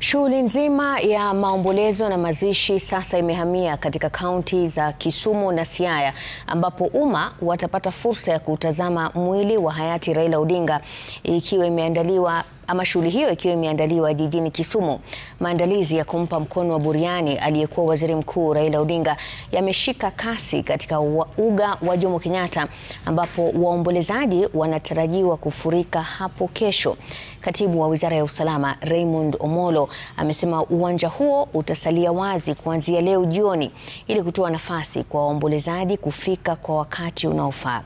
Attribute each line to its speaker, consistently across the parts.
Speaker 1: Shughuli nzima ya maombolezo na mazishi sasa imehamia katika kaunti za Kisumu na Siaya ambapo umma watapata fursa ya kutazama mwili wa hayati Raila Odinga ikiwa imeandaliwa ama shughuli hiyo ikiwa imeandaliwa jijini Kisumu. Maandalizi ya kumpa mkono wa buriani aliyekuwa waziri mkuu Raila Odinga yameshika kasi katika uga wa Jomo Kenyatta ambapo waombolezaji wanatarajiwa kufurika hapo kesho. Katibu wa Wizara ya Usalama Raymond Omolo amesema uwanja huo utasalia wazi kuanzia leo jioni ili kutoa nafasi kwa waombolezaji kufika kwa wakati unaofaa.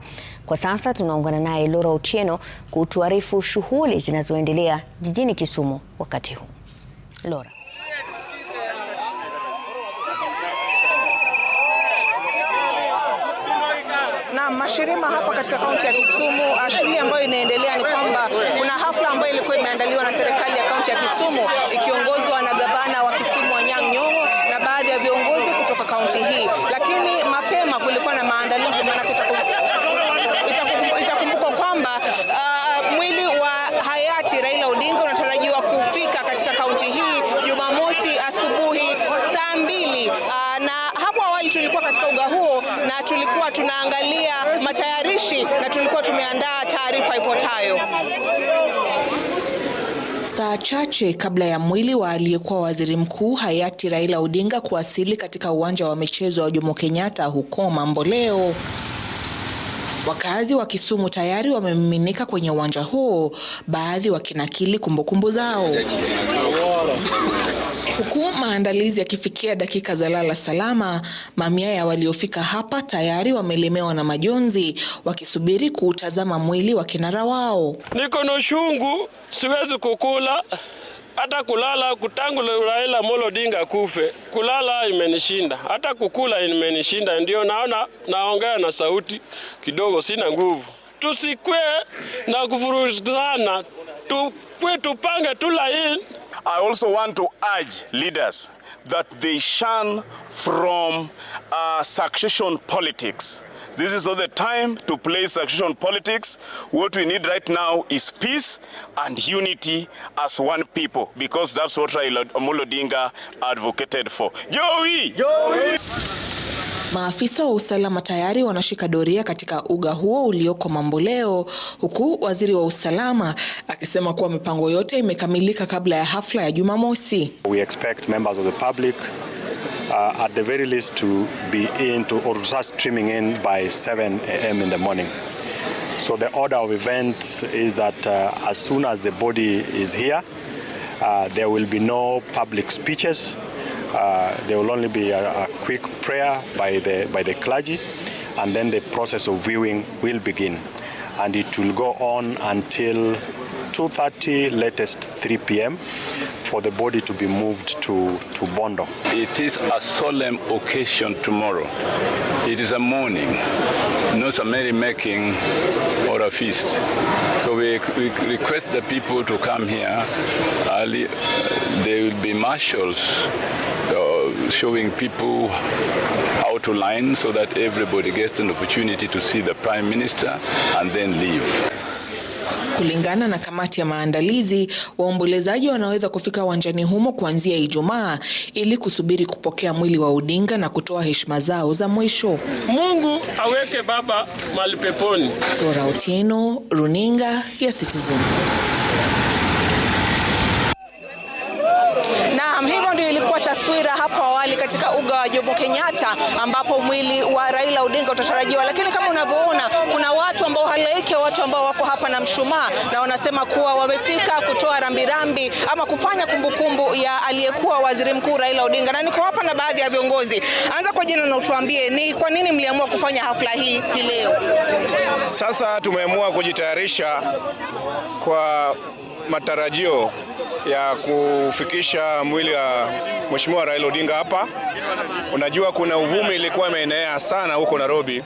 Speaker 1: Kwa sasa tunaungana naye Laura Otieno kutuarifu shughuli zinazoendelea jijini Kisumu wakati huu. Laura.
Speaker 2: Na mashirima hapa katika kaunti ya Kisumu, ah, shughuli ambayo inaendelea ni kwamba kuna hafla ambayo ilikuwa imeandaliwa na serikali ya kaunti ya Kisumu ikiongozwa na gavana wa Kisumu Anyang' Nyong'o na baadhi ya viongozi kutoka kaunti hii, lakini mapema kulikuwa na maandalizi maana tulikuwa tunaangalia matayarishi na tulikuwa tumeandaa taarifa ifuatayo.
Speaker 1: Saa chache kabla ya mwili wa aliyekuwa waziri mkuu hayati Raila Odinga kuwasili katika uwanja wa michezo wa Jomo Kenyatta huko Mamboleo, wakazi wa Kisumu tayari wamemiminika kwenye uwanja huo, baadhi wakinakili kumbukumbu zao. Huku maandalizi yakifikia dakika za lala salama, mamia ya waliofika hapa tayari wamelemewa na majonzi wakisubiri kuutazama mwili wa kinara wao.
Speaker 3: Niko na shungu, siwezi kukula hata kulala. Kutangu Raila Amolo Odinga kufe, kulala imenishinda, hata kukula imenishinda. Ndio naona naongea na sauti kidogo, sina nguvu. Tusikwe na kuvurugana, tukwe tupange tu laini
Speaker 4: I also want to urge leaders that they shun from uh, succession politics. This is not the time to play succession politics. What we need right now is peace and unity as one people because that's what Raila Amolo Odinga advocated for. Joey! Joey!
Speaker 1: Maafisa wa usalama tayari wanashika doria katika uga huo ulioko Mamboleo, huku waziri wa usalama akisema kuwa mipango yote imekamilika kabla ya hafla ya Jumamosi.
Speaker 5: We expect members of the public uh, at the very least to be in to or start streaming in by 7 a.m. in the morning. So the order of events is that uh, as soon as the body is here, uh, there will be no public speeches. Uh, there will only be a, a quick prayer by the, by the clergy and then the process of viewing will begin and it will go on until 2.30 latest 3 p.m. for the body to be moved to, to Bondo.
Speaker 6: It is a solemn occasion tomorrow. It is a mourning, not a merrymaking or a feast. So we, we request the people to come here early. There will be marshals showing people how to line so that everybody gets an opportunity to see the prime minister and then leave.
Speaker 1: Kulingana na kamati ya maandalizi, waombolezaji wanaweza kufika uwanjani humo kuanzia Ijumaa ili kusubiri kupokea mwili wa Odinga na kutoa heshima zao za mwisho.
Speaker 3: Mungu aweke baba mahali peponi.
Speaker 1: Lora Otieno, Runinga ya Citizen.
Speaker 2: taswira hapo awali katika uga wa Jomo Kenyatta ambapo mwili wa Raila Odinga utatarajiwa, lakini kama unavyoona kuna watu ambao halaiki, watu ambao wako hapa na mshumaa na wanasema kuwa wamefika kutoa rambirambi ama kufanya kumbukumbu -kumbu ya aliyekuwa waziri mkuu Raila Odinga, na niko hapa na baadhi ya viongozi. Anza kwa jina na utuambie ni kwa nini mliamua kufanya hafla hii hii leo?
Speaker 7: Sasa tumeamua kujitayarisha kwa matarajio ya kufikisha mwili wa Mheshimiwa Raila Odinga hapa. Unajua kuna uvumi ilikuwa imeenea sana huko Nairobi,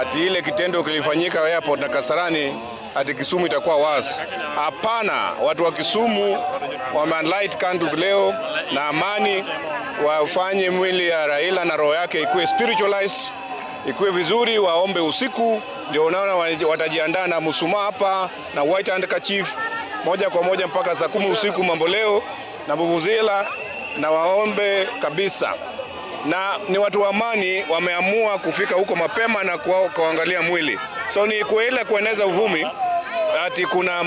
Speaker 7: ati ile kitendo kilifanyika airport na Kasarani, ati Kisumu itakuwa wasi. Hapana, watu wa Kisumu wamelight candle leo na amani, wafanye mwili ya Raila na roho yake ikuwe spiritualized ikuwe vizuri, waombe usiku, ndio unaona watajiandaa na musuma hapa na white handkerchief moja kwa moja mpaka saa kumi usiku mambo leo na vuvuzela, na waombe kabisa, na ni watu wa amani wameamua kufika huko mapema na kuangalia mwili, so ni kuela kueneza uvumi ati kuna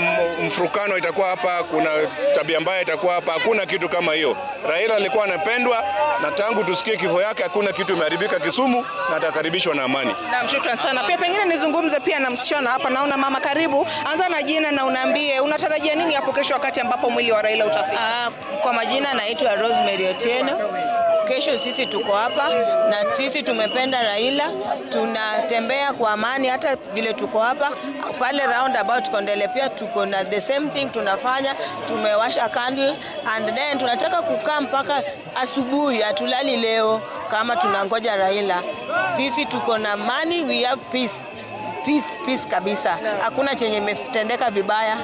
Speaker 7: mfurukano itakuwa hapa, kuna tabia mbaya itakuwa hapa. Hakuna kitu kama hiyo. Raila alikuwa anapendwa, na tangu tusikie kifo yake hakuna kitu imeharibika Kisumu, na atakaribishwa na amani.
Speaker 2: Naam, shukrani sana. Pia pengine nizungumze pia na msichana hapa, naona mama. Karibu, anza na jina na unaambie unatarajia nini hapo kesho, wakati ambapo mwili wa Raila utafika.
Speaker 8: Ah, kwa majina naitwa Rosemary Otieno kesho sisi tuko hapa na sisi tumependa Raila, tunatembea kwa amani. Hata vile tuko hapa pale about Kondele pia tuko na the same thing tunafanya, tumewasha candle and then tunataka kukaa mpaka asubuhi, hatulali leo kama tunangoja Raila. Sisi tuko na amani, we have peace peace, peace kabisa, hakuna chenye imetendeka vibaya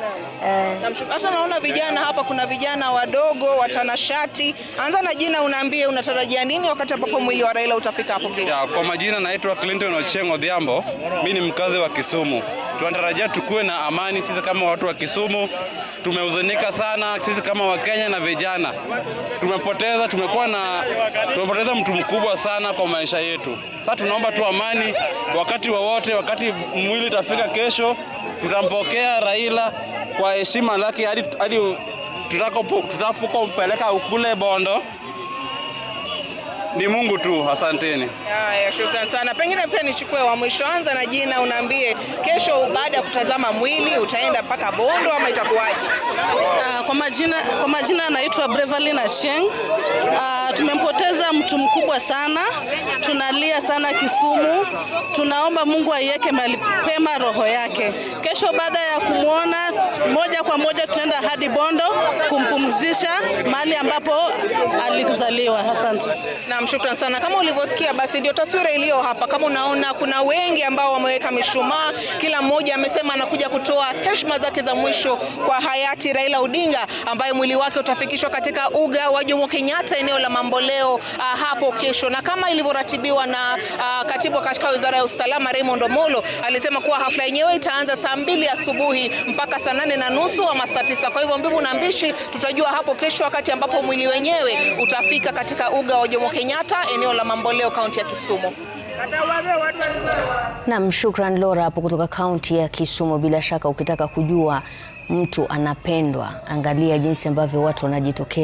Speaker 2: eh. Hata naona vijana hapa, kuna vijana wadogo watanashati. Anza na jina, unaambie unatarajia nini wakati ambapo mwili wa Raila utafika hapo.
Speaker 7: Kwa majina naitwa Clinton Ochengo Odhiambo, mimi ni mkazi wa Kisumu tunatarajia tukuwe na amani. Sisi kama watu wa Kisumu tumehuzunika sana, sisi kama Wakenya na vijana tumepoteza, tumekuwa na tumepoteza mtu mkubwa sana kwa maisha yetu. Sasa tunaomba tu amani, wakati wowote, wakati mwili utafika kesho, tutampokea Raila kwa heshima lake hadi tutakompeleka ukule Bondo. Ni Mungu tu, asanteni.
Speaker 2: Haya, shukrani sana. Pengine pia nichukue wa mwisho, anza na jina, unaambie kesho baada ya kutazama mwili utaenda mpaka Bondo ama itakuwaje?
Speaker 9: Uh, kwa majina kwa majina anaitwa Beverly na Sheng. Uh, ah, tumempoteza mtu mkubwa sana, tunalia sana Kisumu. Tunaomba Mungu aiweke mahali pema roho yake. Kesho baada ya kumwona, moja kwa moja tutaenda hadi Bondo kumpumzisha mahali ambapo alizaliwa. Asante
Speaker 2: na shukran sana. Kama ulivyosikia, basi ndio taswira iliyo hapa. Kama unaona, kuna wengi ambao wameweka mishumaa, kila mmoja amesema anakuja kutoa heshima zake za mwisho kwa hayati Raila Odinga ambaye mwili wake utafikishwa katika uga wa Jomo Kenyatta eneo la Mamboleo uh, hapo kesho, na kama ilivyoratibiwa na uh, katibu katika wizara ya usalama Raymond Omolo alisema kuwa hafla yenyewe itaanza saa mbili asubuhi mpaka saa nane na nusu ama saa tisa. Kwa hivyo mbivu na mbishi tutajua hapo kesho, wakati ambapo mwili wenyewe utafika katika uga wa Jomo Kenyatta eneo la Mamboleo, kaunti ya Kisumu.
Speaker 1: Nam, shukran Laura hapo kutoka kaunti ya Kisumu. Bila shaka ukitaka kujua mtu anapendwa, angalia jinsi ambavyo watu wanajitokeza.